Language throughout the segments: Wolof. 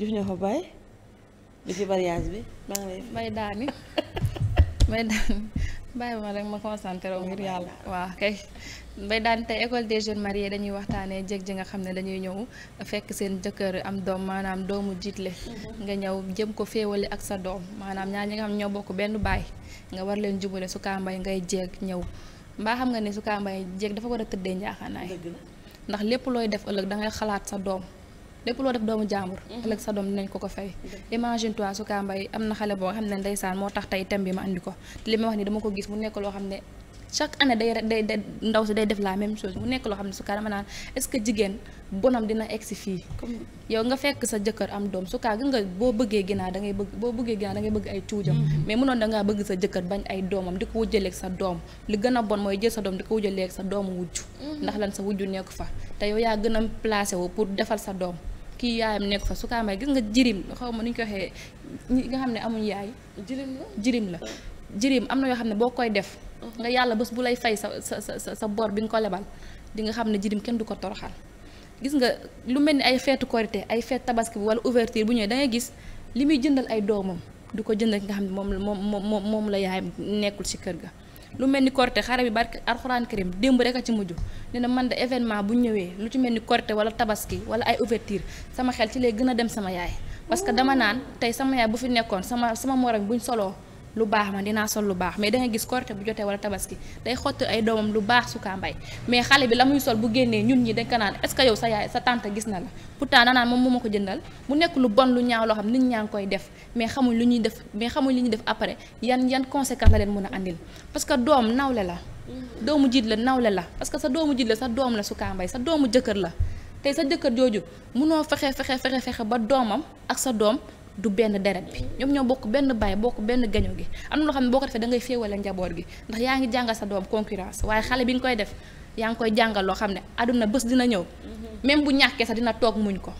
jëf ñoo ko bàyyi bi ci mariage bi maa ngi lay may daani may daani ma rek ma concentré wu ngir yàlla waa kay bay daan te école des jeunes marie dañuy waxtaanee jeg ji nga xam ne dañuy ñëw fekk seen jëkkër am doom maanaam doomu jiitle mhm. nga ñëw jëm ko féewale ak sa doom maanaam ñaar ñi nga xam ne ñoo bokk benn baay nga war leen jubale su kaambay ngay jéeg ñëw mbaa xam nga ne su kaambay jéeg dafa war a tëddee njaaxaanaay ndax lépp looy def ëllëg da xalaat sa doom lépp loo def doomu jàmbur. Mhm. ëllëg sa doom dinañ ko ko fay. imagine toi su kaa am na xale boo xam ne ndeysaan moo tax tey thème bi ma andi ko li ma wax ni dama ko gis mu nekk loo xam ne chaque année day day day ndaw si day def la même chose mu nekk loo xam ne su kaa naan est-ce que jigéen bonam dina egsi fii. yow nga fekk sa jëkkër am doom su kaa nga boo bëggee ginaar da ngay bëgg boo bëggee ginaar da ngay bëgg ay cuujam. Mhm. mais munoon da bëgg sa jëkkër bañ ay doomam di ko wujjaleeg sa doom li gën a bon mooy jël sa doom di ko wujjaleeg sa doomu wujju mhm. ndax lan sa wujju nekk fa te yow yaa gën a placé wu pour defal sa doom kii yaayam nekk fa su kaa amee gis nga jirim xaw ma nu ko waxee nga xam ne amuñ yaay jirim la jirim la jirim am na yoo xam ne boo koy def nga mhm. yàlla bés bu lay fay sa sa sa sa bor bi nga ko lebal di nga xam ne jirim kenn du ko toroxal gis nga lu mel ni ay feetu korité ay feet tabaski bi wala ouverture bu ñëwee dangay gis li muy jëndal ay doomam du ko jëndal ki nga xam ne moom moom moom moom la yaayam nekkul ci kër ga lu mel ni korte xare bi barke alxuraan karim démb rek a ci mujj nee na man de événement bu ñëwee lu ci mel ni korte wala tabaski wala ay ouverture sama xel ci lay gën a dem sama yaay parce que dama naan tey sama yaay bu fi nekkoon sama sama morom buñ soloo lu baax man dinaa sol lu baax mais da gis korité bu jotee wala tabaski day xott ay doomam lu baax sukaa mbay mais xale bi la muy sol bu génnee ñun ñi dañ ko naan est ce que yow sa yaay sa tante gis na la pourtant danaan moom moo ma ko jëndal mu nekk lu bon lu ñaaw loo xam nit ñaa ngi koy def mais xamuñ lu ñuy def mais xamuñ lu ñuy def après yan yan conséquence la leen mën a andil parce que doom nawle la doomu jiit la nawle la parce que sa doomu jiit la sa doom la sukaa mbay sa doomu jëkkër la tey sa jëkkër jooju munoo fexe fexe fexe fexe ba doomam ak sa doom du benn deret bi ñoom ñoo bokk benn baay bokk benn gaño gi am na loo xam ne boo ko defee da féewale njaboot gi ndax yaa ngi jàngal sa doom concurrence waaye xale bi nga koy def yaa ngi koy jàngal loo xam ne àdduna bés dina ñëw mhm. même bu ñàkkee sax dina toog muñ ko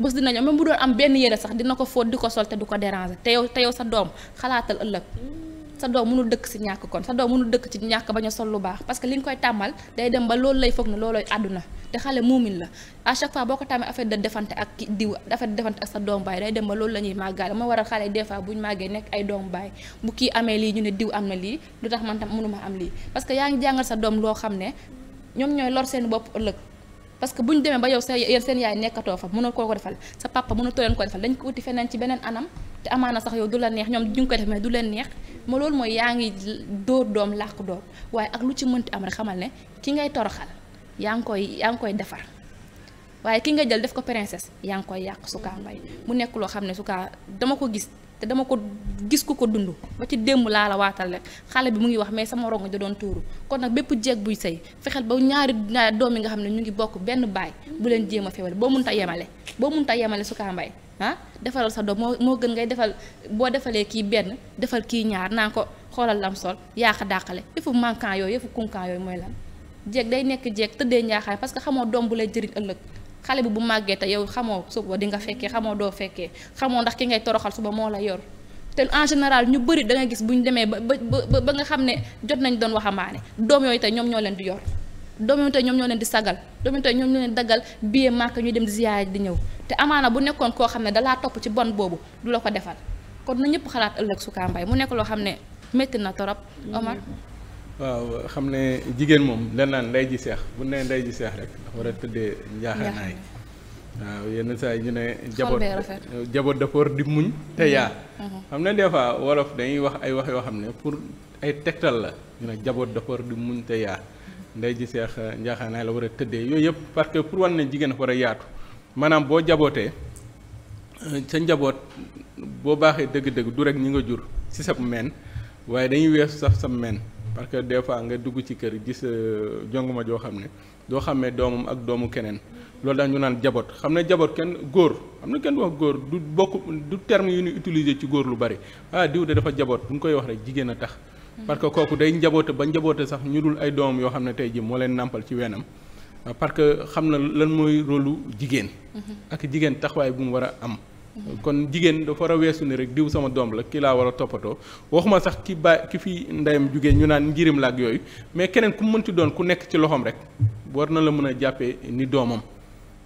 bés dina ñëw même bu doon am benn yére sax dina ko fóot di ko sol te du ko déranger te yow te yow sa doom xalaatal ëllëg mm. sa doom mënul dëkk si ñàkk kon sa doom mënul dëkk ci ñàkk bañ a sol lu baax parce que li nga koy tàmmal day dem ba loolu lay foog ne loolooy àdduna te xale muumin la à chaque fois boo ko tàmmee affaire de defante ak diw affaire de defante ak sa doom baay day dem ba loolu la ñuy màggaale moo waral xale des fois bu ñu màggee nekk ay doom baay bu kii amee lii ñu ne diw am na lii lu tax man tam mënuma am lii parce que yaa ngi jàngal sa doom loo xam ne ñoom ñooy lor seen bopp ëllëg parce que bu ñu demee ba yow sa seen yaay nekkatoo fa mënoo koo ko defal sa papa mënatoo leen ko defal dañ ko uti feneen ci beneen anam te amaana sax yow du la neex ñoom ñu ngi koy def leen neex ma loolu mooy yaa ngi dóor doom làq doom waaye ak lu ci mënti am xamal ne ki ngay toroxal yaa ngi koy yaa ngi koy defar waaye ki nga jël def ko princesse yaa ngi koy yàq Souka Mbaye mu nekk loo xam ne su Souka dama ko gis te dama ko gis ku ko dund ba ci démb laa la waatal rek xale bi mu ngi wax mais sama rongo da doon kon nag bépp jeeg buy sëy fexeel ba ñaari doom yi nga xam ne ñu ngi bokk benn baay bu leen jéem a fewale boo mënut a yemale boo mënut a yemale Souka Mbaye ah defaral sa doom moo moo gën ngay defal boo defalee kii benn defal kii ñaar naa ko xoolal am sol yaaqa dàqale yëfu manquant yooyu yëfu kunkan yooyu mooy lan jeeg day nekk jeeg tëddee njaaxaay parce que xamoo doom bu lay jëriñ ëllëg xale bi bu màggee te yow xamoo suba dinga nga fekkee xamoo doo fekkee xamoo ndax ki ngay toroxal suba moo la yor te en général ñu bëri da gis bu ñu demee ba ba ba ba nga xam ne jot nañ doon waxambaane doom yooyu tey ñoom ñoo leen di yor doom yooyu tey ñoom ñoo leen di sagal doom yooyu tey ñoom ñoo leen daggal billet màkk ñuy dem ziyaar di ñëw te amaana bu nekkoon koo xam ne dalaa topp ci bon boobu du la defal kon na ñëpp xalaat ëllëg Souka Mbaye mu nekk loo xam ne métti na torop Omar waaw xam ne jigéen moom dañ naan ndey ji seex bu ne ndey ji seex rek dafa war a tëddee njaaxanaay waaw yenn saa yi ñu ne jaboot jaboot dafa di muñ te mm-hmm. yaa mm-hmm. xam des fois wolof dañuy wax ay wax yoo xam ne pour ay tegtal la ñu ne jaboot dafa di muñ te yaa ndey ji seex eh, njaaxanaay la war a tëddee yooyu yëpp parce que pour wan ne jigéen dafa war a yaatu maanaam boo jabootee eh, sa njaboot boo baaxee dëgg-dëgg du rek ñi nga jur ci sab meen waaye dañuy weesu sax sab meen parce que des fois nga dugg ci kër gis euh, jonguma joo xam ne doo xamee doomam ak doomu keneen loolu daal ñu naan jaboot xam ne jaboot kenn góor xam na kenn wax góor du bokk du terme yu ñuy utiliser ci góor lu bari ah diw de dafa jaboot bu ñu koy wax rek jigéen a tax. Hmm. parce que kooku day njaboote ba njaboot sax ñu dul ay doomam yoo xam ne tey jii moo leen nàmpal ci weenam ah, parce que xam na lan mooy rôlu jigéen. Hmm. ak jigéen taxawaay bu mu war a am. kon jigéen dafa war a weesu ni rek diw sama doom la ki laa war a toppatoo waxuma sax ki ba ki fi ndeyam jugee ñu naan njirim la ak yooyu mais keneen ku mënti doon ku nekk ci loxoom rek war na la mën a jàppee ni doomam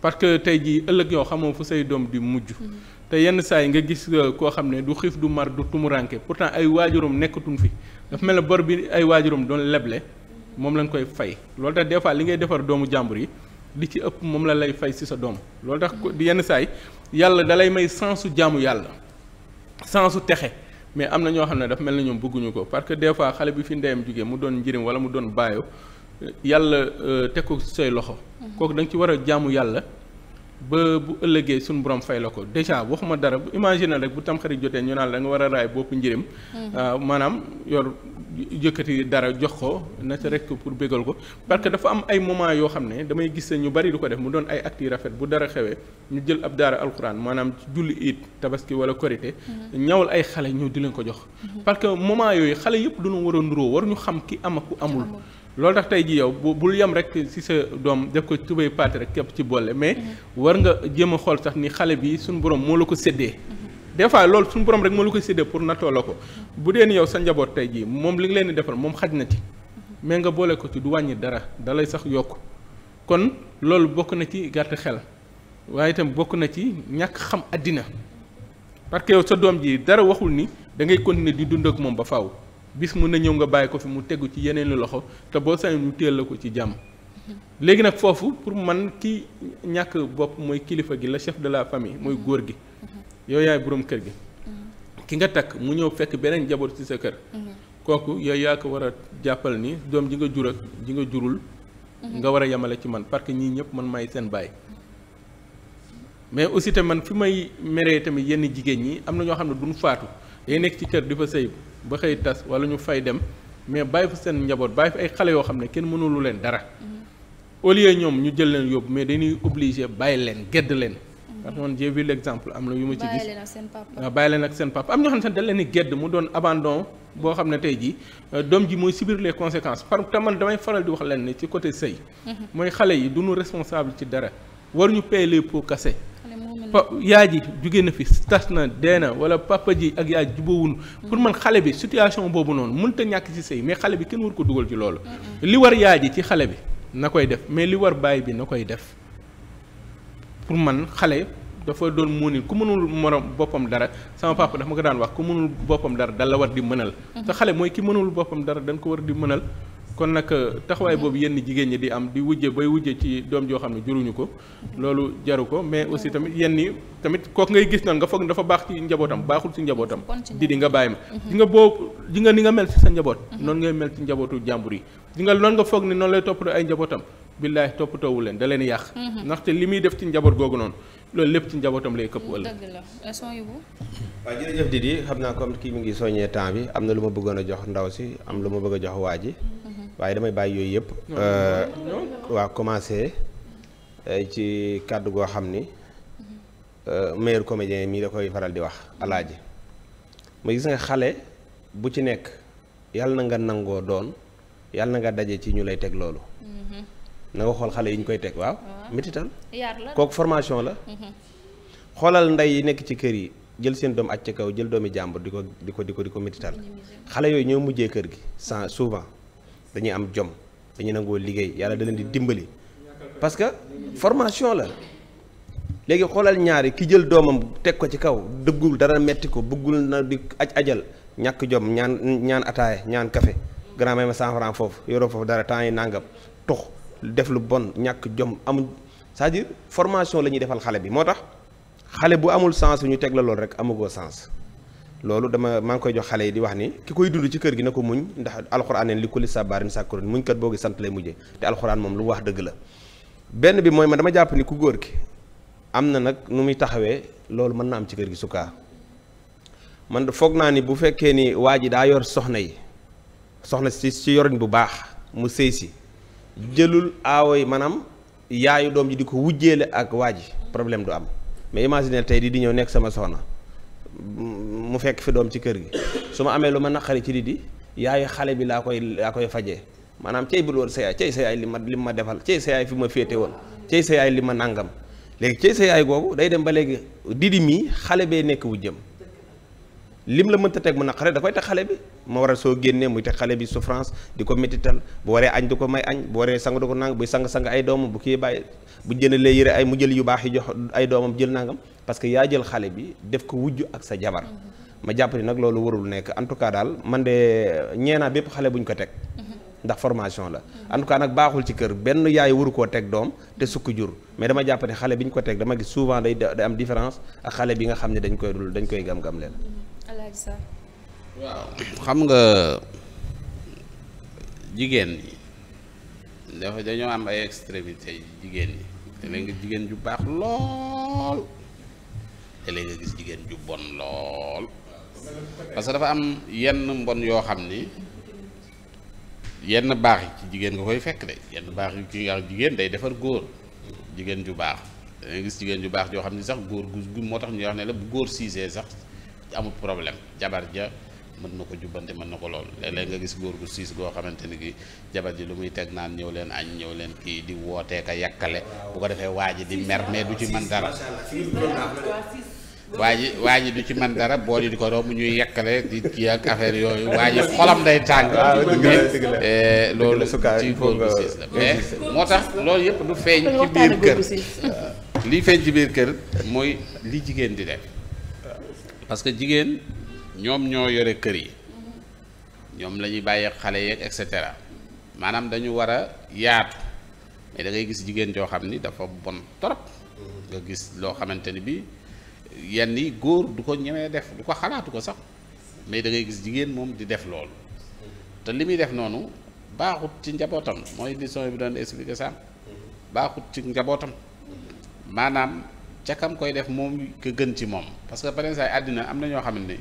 parce que tey jii ëllëg yoo xamoo fu say doom di mujj. Mm-hmm. te yenn saa yi nga gis euh, koo xam ne du xiif du mar du tumuranke pourtant ay waajuram nekkatuñ fi dafa mel ne bor bi ay waajuram doon leble moom lañ koy fay loolu tax des fois li ngay defar doomu jàmbur yi li ci ëpp moom la lay fay si sa doom loolu yenn saa yi yàlla dalay may sensu jaamu yàlla sensu texe mais am na ñoo xam ne daf mel na ñoom bëgguñu ko parce que des fois xale bi fi ndeyam jógee mu doon njëriñ wala mu doon baayo yàlla euh, teg ko say loxo. Mm-hmm. kooku da ci war a jàmm yàlla. ba bu ëllëgee suñu borom fay la ko déjà waxuma dara bu imaginer rek bu tam jotee ñu naan da nga war a raay bopp njëriñ. Mm-hmm. Ah, maanaam yor. yëkkati dara jox ko na rek pour bégal ko parce que dafa am ay moment yoo xam ne damay gis ñu bari du ko def mu doon ay actes rafet bu dara xewee ñu jël ab daara alxuraan maanaam julli it tabaski wala korité mm-hmm. ñawal ay xale ñëw di leen ko jox mm-hmm. parce que moment yooyu xale yëpp duñu war a nuroo war ñu xam ki am ak ku amul loolu tax tey jii yow bu bul yem rek ci sa doom def ko tubéy parti rek képp ci boole mais mm-hmm. war nga jéem a xool sax ni xale bi suñu borom moo la ko séddee des fois loolu suñu borom rek moo la koy séddee pour nattoo la ko bu dee ni yow sa njaboot tey jii moom li nga leen di defal moom xaj na ci mais nga boole ko ci du wàññi dara dalay sax yokk kon loolu bokk na ci gàtt xel waaye itam bokk na ci ñàkk xam àddina parce que yow sa doom ji dara waxul ni dangay ngay di dund ak moom ba faw bis mun na ñëw nga bàyyi ko fi mu tegu ci yeneen lu loxo te boo sañoon ñu téel la ko ci jàmm. léegi nag foofu pour man ki ñàkk bopp mooy kilifa gi la chef de la famille mooy góor gi. yow yaay boroom kër gi mm-hmm. ki nga takk mu ñëw fekk beneen njaboot ci sa kër mm-hmm. kooku yow yaa ko war a jàppal ni doom ji nga jur ak ji nga jurul mm-hmm. nga war a yemale ci man parce que ñii ñëpp man may seen baay mais aussi tamit man fi may meree tamit yenn jigéen ñi am na ñoo xam ne duñ faatu day nekk ci kër di fa sëy ba xëy tas wala ñu fay dem mais bàyyi fu seen njaboot bàyyi fa ay xale yoo xam ne kenn mënulu leen dara au lieu ñoom ñu jël leen yóbbu mais dañuy obligé bàyyi leen gedd leen parce que man j'ai vu l'exemple am na yu ma ci gis waaw bàyyi leen ak seen papa am ñoo xam ne dañ leen ni gedd mu doon abandon boo xam ne tey jii euh, doom ji mooy subir conséquence par te man damay faral di wax leen ne ci côté sëy mm-hmm. mooy xale yi duñu responsable ci dara war ñu payer les kase cassés pa yaay ji jóge na fi tas na dee na wala papa ji ak yaay jubawuñu pour man xale bi situation boobu noonu mënut a ñàkk ci sëy mais xale bi kenn war ko dugal ci loolu li war yaay ji ci xale bi na koy def mais li war baay bi na koy def pour man xale dafa doon muuni ku mënul morom boppam dara sama papa dafa ma ko daan wax ku mënul boppam dara la war di mënal te xale mooy ki mënul boppam dara dañ ko war di mënal kon nag euh, taxawaay boobu yenn jigéen ñi di am di wujje bay wujje ci doom joo xam ne juruñu ko loolu jaru ko mais aussi tamit yenn yi tamit kooku ngay gis noonu nga foog dafa baax ci njabootam baaxul ci njabootam di di nga bàyyi ma di nga boo di nga ni nga mel ci sa njaboot mhm. noonu ngay mel ci njabootu jàmbur yi di nga nga foog ni noonu lay toppatoo ay njabootam billaay toppatoowu leen da leen yàq. Mhm. ndaxte li muy def ci njaboot googu noonu loolu lépp ci njabootam lay këpp ëllëg. dëgg la waaw jërëjëf Didi xam naa comme kii mu ngi soññee temps bi am na lu ma bëggoon a jox ndaw si am lu ma bëgg jox waaj mhm. waaye damay bàyyi yooyu yëpp. Euh, waa commencé euh, ci kàddu goo xam ni mhm. euh, meilleur comédien mii da koy faral di wax alaaji ma gis nga xale bu ci nekk yàlla na nga nangoo doon yàlla na nga daje ci ñu lay teg loolu. na nga xool xale yi ñu koy teg waaw. métital kooku formation la. Mm-hmm. xoolal ndey yi nekk ci kër yi jël seen doom aj ca kaw jël doomi jàmbur di ko di ko di ko di xale yooyu ñoo mujjee kër gi sans souvent dañuy am jom dañuy nangoo liggéey yàlla da di dimbali parce que formation la. léegi xoolal ñaari ki jël doomam teg ko ci kaw dëggul dara metti ko bëggul na di aj ajal ñàkk jom ñaan ñaan ataaya ñaan café grand may ma cent francs foofu yoroo foofu dara temps yi nangam tux def lu bon ñàkk jom amuñ cest à formation la ñuy defal xale bi moo tax xale bu amul sens ñu teg la loolu rek amugoo sens loolu dama maa ngi koy jox xale yi di wax ni ki koy dund ci kër gi na ko muñ ndax alxuraan neen li kulli sabaarin sàkkurun muñ kat boo gi sant lay mujjee te alxuraan moom lu wax dëgg la benn bi mooy man dama jàpp ni ku góor gi am na nag nu muy taxawee loolu mën na am ci kër gi sukaa man foog naa ni bu fekkee ni waa ji daa yor soxna yi soxna si ci yorin bu baax mu sëy si jëlul aawo yi maanaam yaayu doom ji di ko wujjeele ak waa ji problème du am mais imaginer tey di di ñëw nekk sama soxna mu fekk fi doom ci kër gi su ma amee lu ma naqari ci di di yaayu xale bi laa koy laa koy faje maanaam cey bul woon sa yaay cey sa yaay li ma li ma defal cey sa yaay fi ma féete woon cey sa yaay li ma nàngam léegi cey sa yaay googu day dem ba léegi didi mii xale bee nekk wujjam lim la mënta teg mu naqare da koy teg xale bi moo waral soo génnee muy te xale bi souffrance di ko métital bu waree añ du ko may añ bu waree sang du ko nang buy sang sang ay doomam bu kii bàyyi bu jëndalee yëre ay mu jël yu baax yi jox ay doomam jël nangam parce que yaa jël xale bi def ko wujj ak sa jabar ma jàpp nag loolu warul nekk en tout cas daal man de ñeenaa bépp xale bu ko teg ndax formation la en tout cas nag baaxul ci kër benn yaay waru koo teg doom te sukk jur mais dama jàpp xale bi ñu ko teg dama gis souvent day am différence xale bi nga xam ne dañ koy dul dañ koy gam-gam leen waaw xam nga jigéen ñi dafa dañoo am ay extrémité jigéen yi te léegi jigéen ju baax lool te léegi gis jigéen ju bon lool parce que dafa am yenn mbon yoo xam ni yenn baax yi ci jigéen nga koy fekk de yenn baax yi ci nga jigéen day defar góor jigéen ju baax da gis jigéen ju baax joo xam ni sax góor gu moo tax ñu wax ne la bu góor siisee sax amul problème jabar ja mën na ko jubbanti mën na ko lool léeg-léeg nga gis góor gu siis goo xamante ni gi jabar ji lu muy teg naan ñëw leen añ ñëw leen kii di wootee a yàkkale bu ko defee waaj di mer mais du ci mën dara ji waa ji du ci man dara bool yi di ko bu ñuy yekkale di kii ak affaire yooyu waa ji xolam day tàng. Ah, eh, loolu ci góor gu siis la mais moo tax loolu yëpp du feeñ ci biir kër li feeñ ci biir kër mooy li jigéen di def parce jigéen ñoom ñoo yore kër yi ñoom lañuy ñuy xale yeeg et cetera maanaam dañu war a yaatu mais da gis jigéen joo xam ni dafa bon trop nga gis loo xamante ni bi yenn yi góor du ko ñemee def du ko xalaatu ko sax mais da ngay gis jigéen moom di def loolu te li muy def noonu baaxut ci njabootam mooy édition bi doon expliqué sax baaxut ci njabootam maanaam ca kam koy def moom ka gën ci moom parce que par àddina am na ñoo xam ne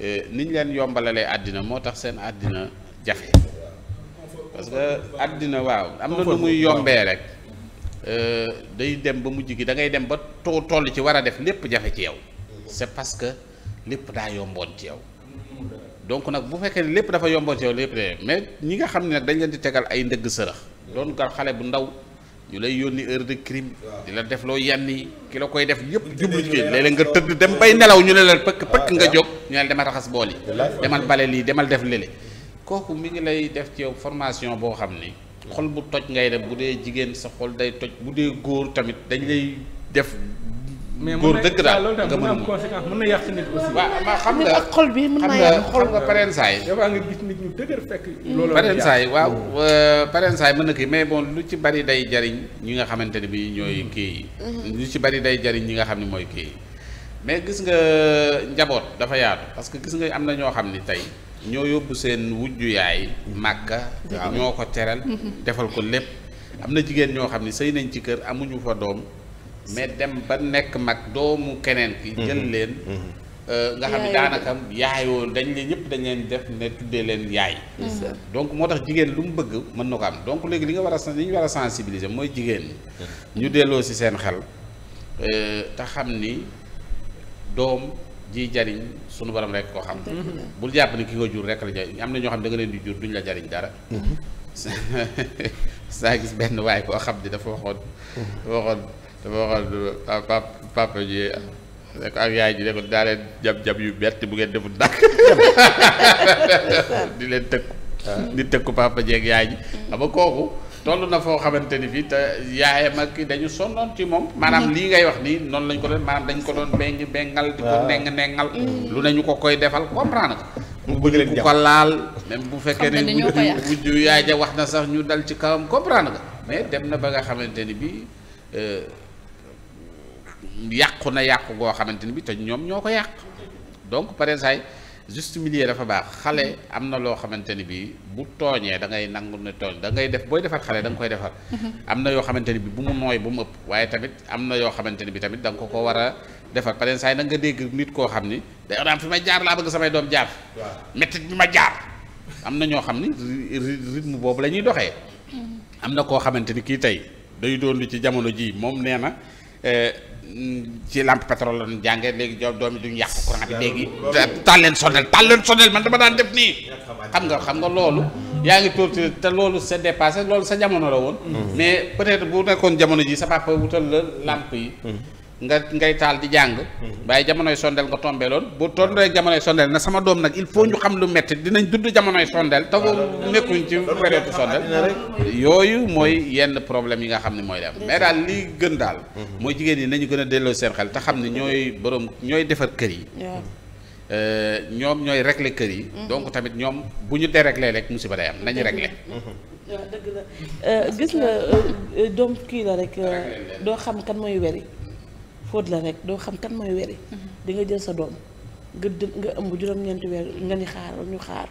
Eh, ni ñu leen yombalalee àddina moo tax seen àddina jafe parce àddina waaw am na nu muy yombee rek eh, day dem ba mu gi da ngay dem ba tool toll ci war a def lépp jafe ci yow c'est parce que lépp daa yomboon ci yow donc nag bu fekkee lépp dafa yomboon ci yow lépp de mais ñi nga xam ne nag dañ leen di tegal ay ndëgg sërëx doon gar xale bu ndaw ñu lay yónni heure de crime di la def loo yenn yi ki la koy def yëpp jublu ci léeg-léeg nga tëdd dem bay nelaw ñu ne la pëkk pëkk nga jóg ñu ne la demal raxas bool yi demal bale lii demal def lële kooku mi ngi lay def ci yow formation boo xam ni xol bu toj ngay def bu dee jigéen sa xol day toj bu dee góor tamit dañ lay def mais góor dëgg daal nga mën a conséquence mën na yàq nit aussi. waaw xam nga ak xol bi mën naa yàq xol nga pareen saay. dafa nga gis nit ñu dëgër fekk. loolu pareen saay waaw euh, pareen saay mën na kii mais bon lu ci bari day jariñ ñi nga xamante ne bi ñooy kii yi. lu ci bari day jariñ ñi nga xam ne mooy kii yi mais gis nga euh, njaboot dafa yaatu parce que gis nga am na ñoo xam ni tey ñoo yóbbu seen wujju yaay màkka ñoo ko teral defal ko lépp am na jigéen ñoo xam ne sëy nañ ci kër amuñu fa doom mais dem ba nekk mag doomu keneen ki mhm. jël leen mhm. euh, nga xam ne daanaka yaayoo dañ leen ñëpp dañ leen def ne tuddee leen yaay mhm. donc moo tax jigéen lu mu bëgg mën na ko am donc léegi li nga war a li ñu war a sensibiliser mooy jigéen ñu delloo ci seen xel euh, te xam ni doom ji jariñ sunu borom rek koo xam bul jàpp ni ki nga jur rek la jariñ am na ñoo xam ne da nga leen di jur duñ la jariñ dara saa gis benn waay koo xam ni dafa waxoon dafa waxoon dama waxoon papa papa ji ak yaay ji ne daa jab-jab yu bett bu ngeen deful dàkk di leen tëkku ah. di tëkku papa ji ak yaay ji mm. ama kooku toll na foo xamante ni fii te yaayam ak ki dañu sonnoon ci moom maanaam mm. lii ngay wax nii noonu lañ ko doon maanaam dañ ko doon bengi bengal di ko neng nengal mm. lu nañu ko koy defal comprendre nga bu bëgg leen ko laal même bu fekkee ne wujj yaay ja wax na sax ñu dal ci kawam comprendre nga mais dem na ba nga xamante ni bi euh, yàqu na yàqu goo xamante ni bi te ñoom ñoo ko yàq donc pare saay juste milieu dafa baax xale am na loo xamante ni bi bu tooñee da ngay nangu ne tooñ da ngay def booy da nga koy defar mm-hmm. am na yoo xamante ni bi bu mu nooy bu mu ëpp waaye tamit am na yoo xamante ni bi tamit da nga ko ko a defar pare saay da nga dégg nit koo xam ni day am fi may jaar laa bëgg samay doom jaar méttit bi ma jaar am na ñoo xam ni rythme boobu la doxee mm-hmm. am na koo xamante kii tey day doon lu ci jamono ji moom nee eh, ci lampe pétrole la ñu jàngee léegi doom du duñu yàq courant bi léegi. taal leen sondel taal leen sondel man dama daan def nii. xam nga xam nga loolu. yaa ngi torturé te loolu c'est dépassé loolu sa jamono la woon. Mm. mais peut-être bu nekkoon jamono ji sa papa wutal la lampe yi. Mm. nga ngay taal di jàng waaye mhm. jamonoy sondeel nga tombee loon bu tondee jamonoy sondeel na sama doom nag il faut ñu xam lu metti dinañ dudd jamonoy sondeel te nekkuñ ci période sondeel yooyu mooy yenn problème yi nga xam ne mooy dem mais li gën daal mhm. mooy jigéen ñi nañu gën a delloo seen te xam ne ñooy borom ñooy defar kër yi euh, ñoom ñooy régler kër yi mhm. donc tamit ñoom bu ñu dérégler rek musiba day am nañu régler dëgg la euh, gis nga euh, doom kii la rek doo xam kan mooy weri fóot la rek doo xam kan mooy weri mm-hmm. di nga jël sa doom nga jël nga ëmb juróom-ñeenti weer nga ni xaaral ñu xaar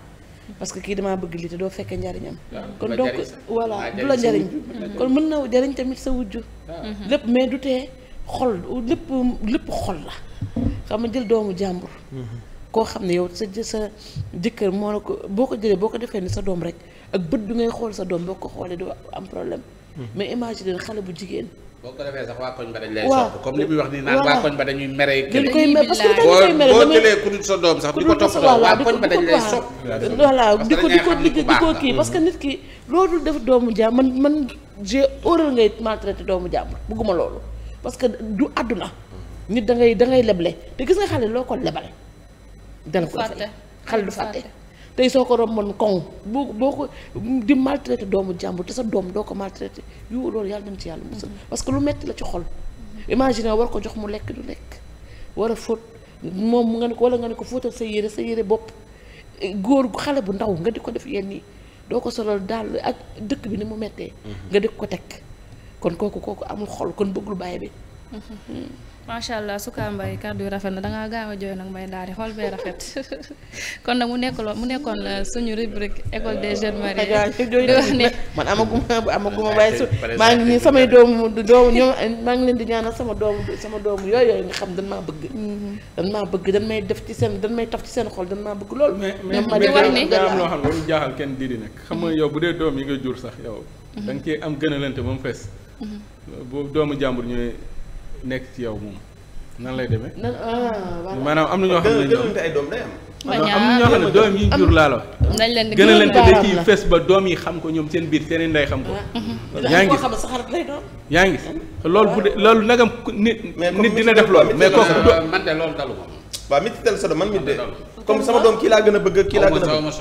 parce que kii damaa bëgg lii te doo fekkee njariñam kon donc voilà ah, du la njariñ mm-hmm. kon mën na jariñ tamit sa wujju mm-hmm. lépp mais du te xol lépp lépp xol la xam nga jël doomu jàmbur koo xam ne yow sa jë sa jëkkër moo la ko boo ko jëlee boo ko defee ni sa doom rek ak bët bi ngay xool sa doom boo ko xoolee doo am problème mais imagine xale bu jigéen boo ko defee sax waa koñ ba dañ lay sopp comme li muy wax nii naan waa dañuy mere kii koy parce que koy mere boo nit ki loolu def doomu jàmm man man j'ai horreur ngay maltraité doomu jàmm bëgguma loolu parce que du àdduna nit da ngay leble te gis nga xale loo ko lebal dala ko fay xale du fàtte tey soo ko romboon koŋ boo boo ko di maltraité doomu jàmbur te sa doom doo ko maltraité yu loolu yàlla nañ ci yàlla musal mm-hmm. parce que lu metti la ci xol imagine war ko jox mu lekk du lekk war a fóot moom nga ne ko wala nga ne ko fóotal sa yére sa yére bopp góor gu xale bu ndaw nga di ko def yenn yi doo ko solal daal ak dëkk bi ni mu mettee mm-hmm. nga di ko teg kon kooku kooku amul xol kon bëgg lu bàyyi bi mm-hmm. macha allah sukaa mbay kàddu yu rafet na da gaaw a jooy nag may daal di xool bee rafet kon nag mu nekk nekkoon mu nekkoon euh, suñu rubrique école des jeunes mariés. di wax ne man amaguma amaguma waaye su maa samay doomu doomu ñoom maa ngi leen di ñaanal sama doomu sama doomu yooyu yooyu nga xam dañ maa bëgg. Mm-hmm. dañ maa bëgg dañ may def ci seen dañ may taf ci seen xol dañ maa bëgg lool. ñoom ma di wax ni mais mais am loo xam ne jaaxal kenn di di xam nga yow bu dee doom yi nga jur sax yow. Mm-hmm. da nga am gënalante ba mu fees. Mm-hmm. boobu doomu jàmbur ñooy nekk ci yow moom nan lay demee. Ah, maanaam am na ñoo xam ne ñoom ay doom day am. am na ñoo xam ne doom yi jur laalo la. nañ leen di gën leen te da ciy ba doom yi xam ko ñoom seen biir seen i ndey xam ko. Ah. yaa ngi xam sa xarit lay yaa ngi loolu bu dee loolu nagam nit. nit dina def loolu mais kooku man de loolu dalu ko. waaw Mifidel Sodo man mi de comme sama doom kii laa gën a bëgg kii laa gën a bëgg.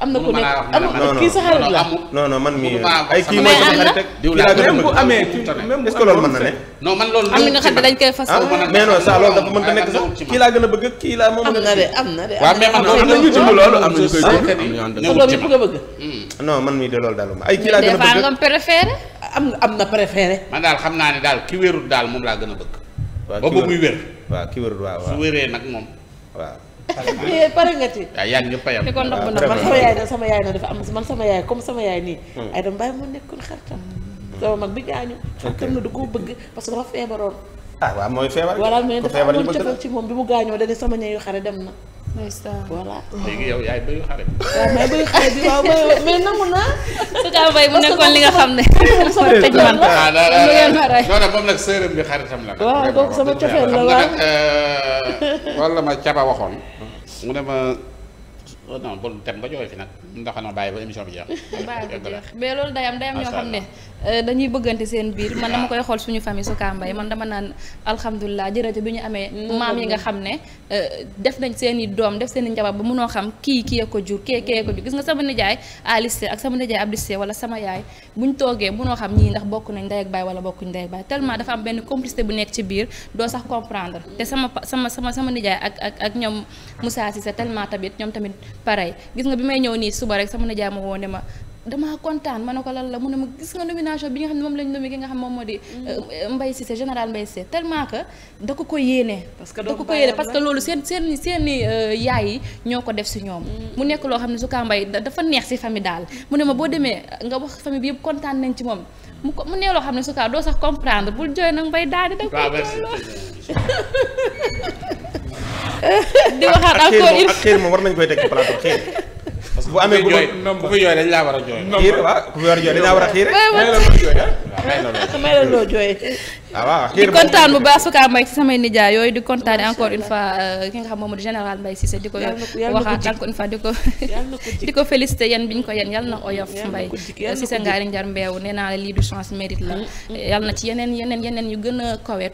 am na ku nekk am na kii sa xarit la non non man mi ay kii mooy sama xarit rek kii laa gën a bëgg est-ce que loolu mën na ne. non man loolu am na ñoo xam ne dañ koy fas. mais non ça loolu dafa mënta nekk sax kii laa gën a bëgg kii laa moom. am na de am na de am na ñu ci loolu am na ñu koy dégg. bëgg a bëgg. Hmm. non man mii de loolu daal ma ay kii laa gën a bëgg. am am na préféré. am am na préféré. man daal xam naa ne daal ki wéerut daal moom laa gën a bëgg ba ba muy wér. waaw ki waa waaw su wéree nag moom waaw. Eh, pare nga ci. waaw yaa ngi ñëpp a yem. waaw ndox nag man sama yaay na sama yaay na dafa am man sama yaay comme sama yaay nii. Hmm. ay dama bàyyi mu nekkoon xaritam. sama mag bi gaañu. xaritam na du ko bëgg parce que dafa feebaroon. ah waaw mooy feebar. ku feebar ñu bëgg la voilà mais dafa amoon cofeel ci moom bi mu gaañoo dañuy sama ñeyu xare dem na. voilà léegi yow yaay béyu xare bi. waaw mais béyu xare bi waaw mais nangu naa. su kaa bay mu nekkoon li nga xam ne. sama tëj man ah daa daa non non moom nag sërëm bi xaritam la. waaw donc sama cofeel la waaw loolu la ma caba waxoon. mu ne ba na bàyyi ba émission bi jeex. bàyyi ba jeex mais loolu day am ñoo xam ne. Euh, dañuy bëggante seen biir man dama koy xool suñu famille su Kambay man dama naan alhamdulilah jërëjëf bi ñu amee mm-hmm. maam yi nga xam ne euh, def nañ seen i doom def seen i njaboot ba munoo xam kii kii ko jur kii kii jur gis nga sama nijaay Alice ak sama nijaay Abdou wala sama yaay buñ toogee mënoo xam ñii ndax bokk nañ ndey ak baay wala bokkuñ ndey ak baay dafa am benn complicité bu nekk ci biir doo sax comprendre te sama sama sama sama nijaay ak ak ak ñoom Moussa Cissé tellement tamit ñoom tamit pareil gis nga bi may ñëw nii suba rek sama nijaay ma woone ma damaa kontaan ma ne ko lan la mu ne ma gis nga nomination bi nga xam ne moom lañ nommé ki nga xam moom moo di euh, Mbaye Cissé général Mbaye Cissé tellement que da ko ko yéene da ko ko yéene parce que loolu seen seen seeni euh, yaay yi ñoo ko def si ñoom mu nekk loo xam ne su kaa Mbaye dafa neex si famille daal mu ne ma boo demee nga wax famille bi yëpp kontaan nañ ci moom mu ko mu nee loo xam ne su kaa doo sax comprendre bul jooy nag Mbaye daal di da ko di waxaat encore une fois ak xëy moom war nañ koy teg plateau xëy bu amee ku fi jooy dañ laa war a jooy. xiir waaw ku fi war a jooy dañ laa war a xiir. Ah. may la loo jooy may la loo jooy. Ah, waaw di kontaan bu baax sukaa mbay ci samay nijaay yooyu di kontaan encore une fois euh, ki nga xam moom di général Mbaye Cissé di ko waxaat encore une fois di ko félicité yéen bi ko yéen yal na oyof Mbaye Cissé Ngaari Njar Mbeew nee lii du chance mérite la mm, mm. yal na ci yeneen yeneen yeneen yu gën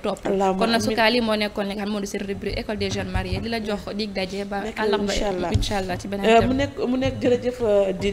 topp kon nag sukaa lii moo nekkoon li nga xam moo di seen rubrique école des jeunes mariés di la jox dig daje ba àllarba incha allah ci beneen euh, mu euh,